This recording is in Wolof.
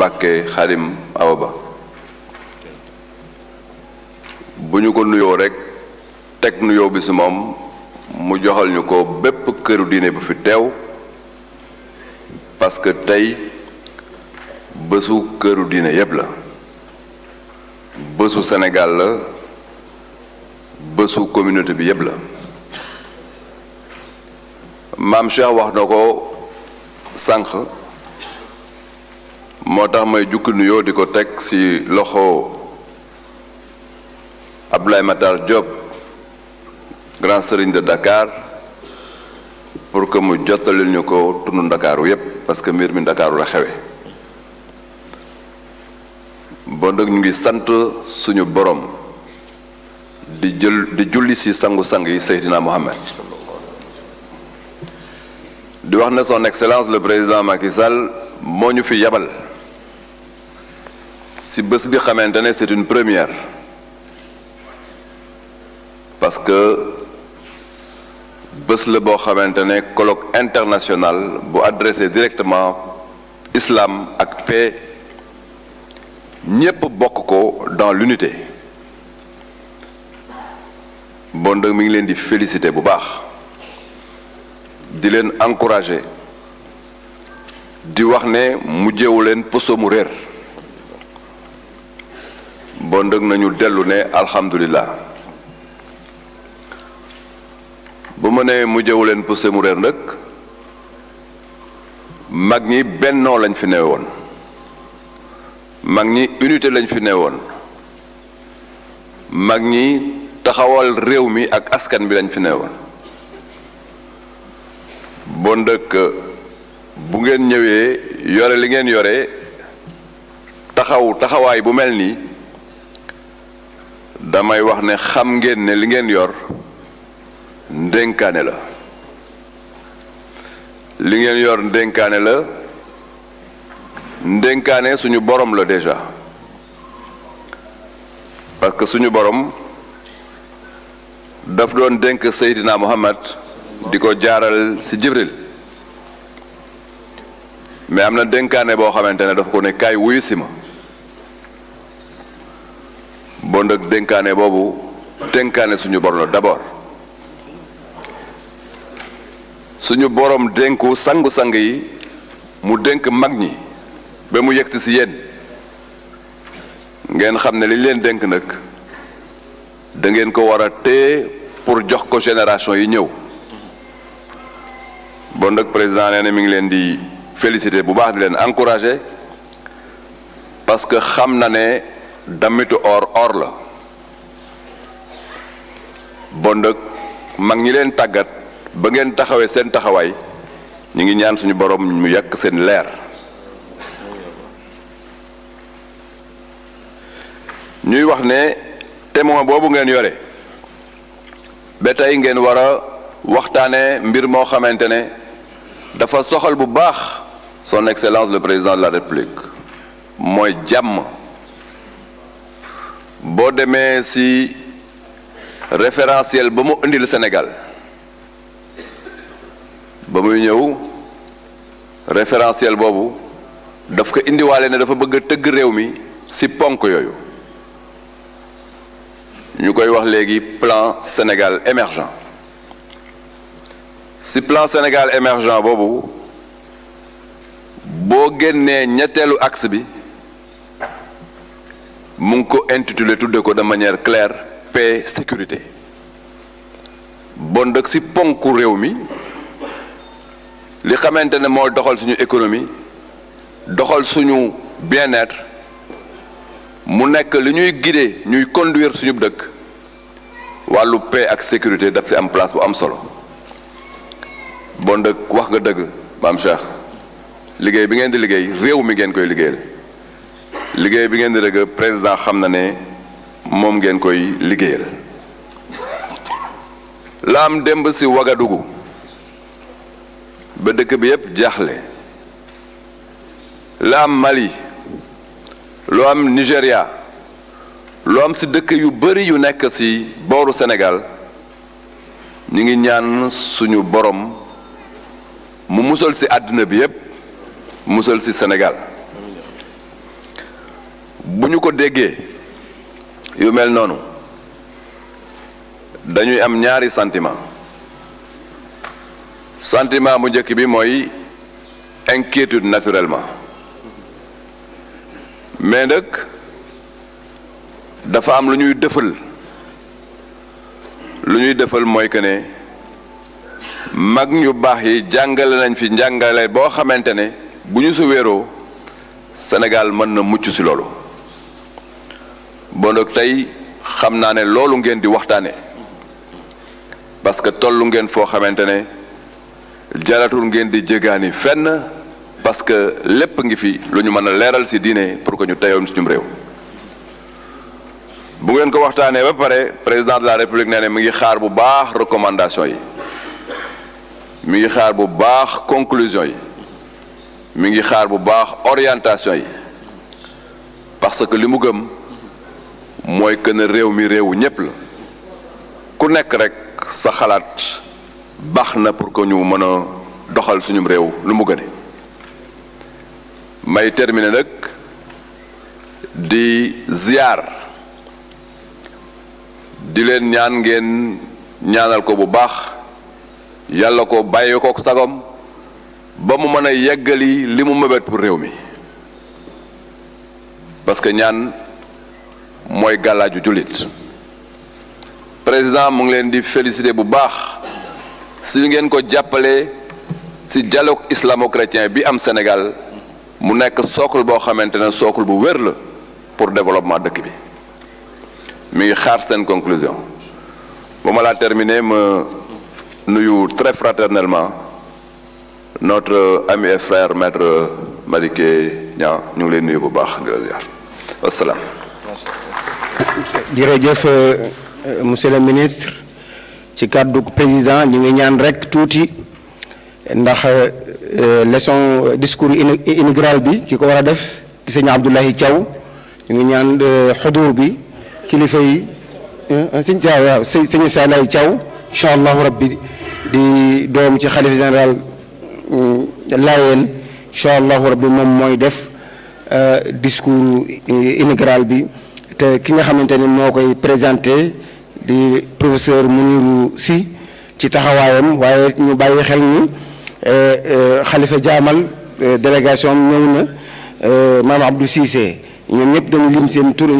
Mbàkke Xaadim Awa Ba bu ñu ko nuyoo rekk teg nuyoo bi si moom mu joxal ñu ko bépp këru diine bu fi teew parce que tey bésu këru diine yépp la bésu Sénégal la bésu communauté bi yépp la maam Cheikh wax na ko sànq moo tax may jukki nuyoo di ko teg ci loxo Abdoulaye Matar Diop grand sëriñ de Dakar pour que mu jottalil ko tund ndakaaru yépp parce que mbir mi ndakaaru la xewe bon nag ñu ngi sant suñu borom di jël di julli ci sangu-sang yi Seydina Mohamed di wax na son excellence le président Macky Sall moo ñu fi yabal si bés bi xamante ne c'est une première parce que bés la boo xamante ne colloque international bu adressé directement islam ak paix ñépp bokk ko dans l'unité bon donc mi ngi leen di féliciter bu baax di leen encourager di wax ne mujjewu leen poso mu réer bon ndëg nañu dellu ne alhamdulilah bu ma nee mu jëwu leen poussé mu réer nag mag ñi bennoo lañ fi nee woon mag ñi unité lañ fi nee woon mag ñi taxawal réew mi ak askan bi lañ fi nee woon bon dëkk bu ngeen ñëwee yore li ngeen yore taxaw taxawaay bu mel nii damay wax ne xam ngeen ne li ngeen yor ndénkaane la li ngeen yor ndénkaane la ndénkaane suñu borom la déjà parce que suñu borom daf doon dénk Seydina Muhammad di ko jaaral ci Jibril mais am na dénkaane boo xamante ne dafa ko ne kaay wuyu si ma bon nag dénkaane boobu dénkaane suñu borom la d'abord suñu borom dénku sangu-sang yi mu dénk mag ñi ba mu yegsi si yéen ngeen xam ne li leen dénk nag da ngeen ko war a téye pour jox ko génération yi ñëw bon nag président nee na mi ngi leen di féliciter bu baax di leen encourager parce que xam na ne dammitu or or la bon nag mag ñi leen tàggat ba ngeen taxawee seen taxawaay ñu ngi ñaan suñu borom mu yàkk seen leer ñuy wax ne témoin boobu ngeen yore ba tey ngeen war a waxtaanee mbir moo xamante ne dafa soxal bu baax son excellence le président de la république mooy jàmm boo demee ci référentiel ba mu indil Sénégal ba muy ñëw référentiel boobu daf ko indiwaale ne dafa bëgg tëgg réew mi ci ponk yooyu ñu koy wax léegi plan Sénégal émergent ci plan Sénégal émergent boobu boo génnee ñetteelu axe bi mu ngi ko intitulé tuddee ko de manière claire paix sécurité bon dëkk si ponku réew mi li xamante ne moo doxal suñu économie doxal suñu bien-être mu nekk li ñuy guider ñuy conduire suñu dëkk wàllu paix ak sécurité daf si am place bu am solo bon dëkk wax nga dëgg maam Cheikh liggéey bi ngeen di liggéey réew mi ngeen koy liggéeyal. liggéey bi ngeen di rëgg président xam na ne moom ngeen koy liggéeyal laam démb si Wagadugu ba dëkk bi yépp jaaxle laam Mali lu am Nigéria lu am si dëkk yu bari yu nekk si booru Sénégal ñu ngi ñaan suñu boroom mu musal si àddina bi yépp musal ci Sénégal ñu ko déggee yu mel noonu dañuy am ñaari santiment santiment mu njëkk bi mooy inquiétude naturellement mais nag dafa am lu ñuy dëfal lu ñuy dëfal mooy que ne mag ñu baax yi jàngale nañ fi njàngale boo xamante ne bu ñu su wéeroo Sénégal mën na mucc ci loolu bon tey xam naa ne loolu ngeen di waxtaane parce que tollu ngeen foo xamante ne jaratul ngeen di jegaani fenn parce que lépp ngi fi lu ñu mën a leeral ci diine pour que ñu teyoon suñu réew bu ngeen ko waxtaanee ba pare président de la république nee ne mi ngi xaar bu baax recommandation yi mi ngi xaar bu baax conclusion yi mi ngi xaar bu baax orientation yi parce que li mu gëm mooy que ne réew mi réew ñépp la ku nekk rek sa xalaat baax na pour que ñu mën a doxal suñu réew lu mu gëne may terminer nag di ziar di leen ñaan ngeen ñaanal ko bu baax yàlla ko bàyyi ko sagom ba mu mën a yeggali li mu mëbët pour réew mi parce ñaan mooy gàllaaju jullit président mu ngi leen di félicité bu baax si ngeen ko jàppale si dialogue islamo-chrétien bi am Sénégal mu nekk socle boo xamante ne socle bu wér la pour développement dëkk bi mu ngi xaar seen conclusion bu ma laa terminer ma nuyu très fraternellement notre ami et frère maître Madické ñu ngi leen nuyu bu baax di la ziar wasalaam jërëjëf euh, euh, monsieur le ministre ci kàddu président ñu ngi ñaan rek tuuti ndax euh, leçon discours inaugural bi ki ko war a def di sëñ Abdoulaye Thiaw ñu ngi ñaan xudur bi kilifa yi sëñ Thiaw waaw sëñ sëñ Salay Thiaw incha allahu rabbi di doom ci xalif général hmm, Layeen incha allahu rabbi moom mooy def discours inaugural bi. te ki nga xamante ni moo koy présenté di professeur Mounirou Sy ci taxawaayam waaye ñu bàyyi xel ni xalifa eh, eh, Jaamal eh, délégation ñëw na maam Abdou Cissé ñoom ñëpp dañu lim seen tur.